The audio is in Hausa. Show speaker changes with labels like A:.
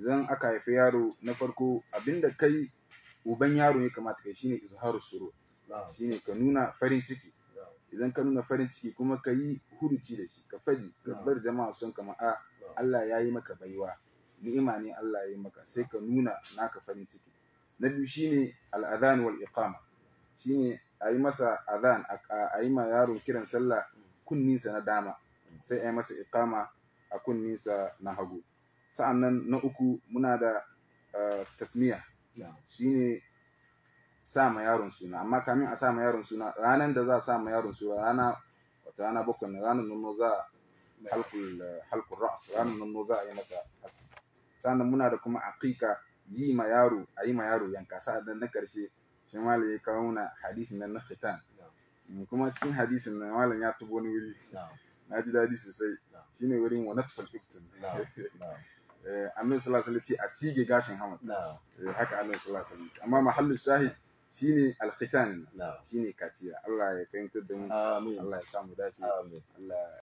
A: idan aka haifi yaro na farko abinda kai uban yaro ya kamata kai shine izharu suru shine ka nuna farin ciki idan ka nuna farin ciki kuma ka yi huruci da shi ka faɗi ka bar jama'a sun kama a Allah ya yi maka baiwa ni'ima ne Allah ya yi maka sai ka nuna naka farin ciki na biyu shine al'adhan wal iqama shine a yi masa adhan a yi ma yaro kiran sallah kunninsa na dama sai a yi masa iqama a kunninsa na hagu sa'annan na uku muna da eh, tasmiya ne sa ma yaron suna amma kamin a sa ma yaron suna ranar da za a sa ma yaron suna rana wata rana bakwai ranar nuno za a halkul ra'as ranar nuno za a yi masa sannan muna da kuma aqiqa yi ma yaro a yi ma yaro yanka sa'adan na karshe shi malam ya kawo mana hadisin nan na khitan mm, kuma cikin hadisin nan malam ya tubo wani wuri na ji dadi sosai shine wurin wa natfal iftin Eh, annabi sallallahu alaihi wasallam a sige gashin hawan eh, haka annabi sallallahu alaihi wasallam amma mahallin shahid shine alkhitan shine katiya Allah ya fahimtar da mu amin Allah ya samu dace amin
B: Allah